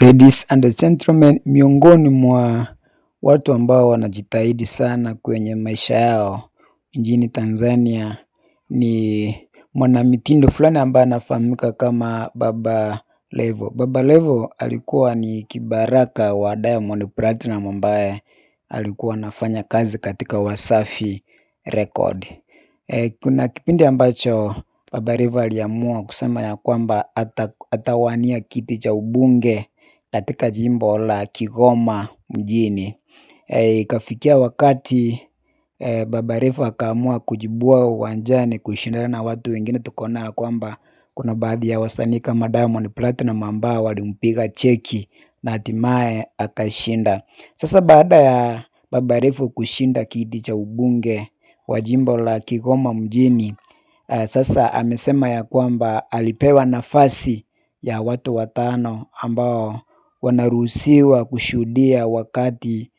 Ladies and gentlemen, miongoni mwa watu ambao wanajitahidi sana kwenye maisha yao nchini Tanzania ni mwanamitindo fulani ambaye anafahamika kama Baba Levo. Baba Levo alikuwa ni kibaraka wa Diamond Platinum ambaye alikuwa anafanya kazi katika Wasafi Record. E, kuna kipindi ambacho Baba Levo aliamua kusema ya kwamba atawania kiti cha ubunge katika jimbo la Kigoma mjini. E, ikafikia wakati e, Baba Levo akaamua kujibua uwanjani kushindana na watu wengine tukaona kwamba kuna baadhi ya wasanii kama Diamond Platinum ambao walimpiga cheki na hatimaye akashinda. Sasa baada ya Baba Levo kushinda kiti cha ubunge wa jimbo la Kigoma mjini, e, sasa amesema ya kwamba alipewa nafasi ya watu watano ambao wanaruhusiwa kushuhudia wakati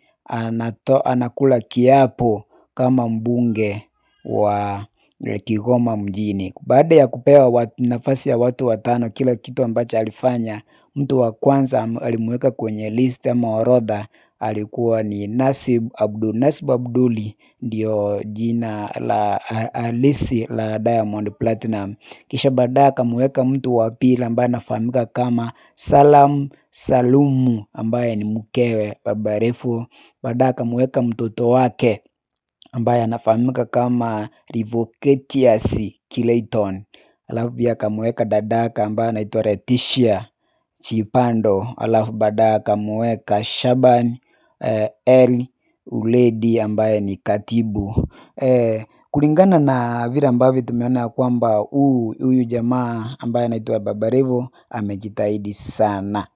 anakula kiapo kama mbunge wa Eh, Kigoma mjini. Baada ya kupewa nafasi ya watu watano kila kitu ambacho alifanya, mtu wa kwanza alimuweka kwenye list ama orodha alikuwa ni Nasib Abdul. Nasib Abduli ndio jina la halisi la Diamond Platinum. Kisha baadaye akamuweka mtu wa pili ambaye anafahamika kama Salam Salumu ambaye ni mkewe Baba refu Baadaye akamuweka mtoto wake ambaye anafahamika kama Rivoketius Clayton alafu pia akamweka dadaka ambaye anaitwa Leticia Chipando alafu baadaye akamweka Shaban eh, L Uledi ambaye ni katibu. Eh, kulingana na vile ambavyo tumeona ya kwamba huyu jamaa ambaye anaitwa Baba Levo amejitahidi sana.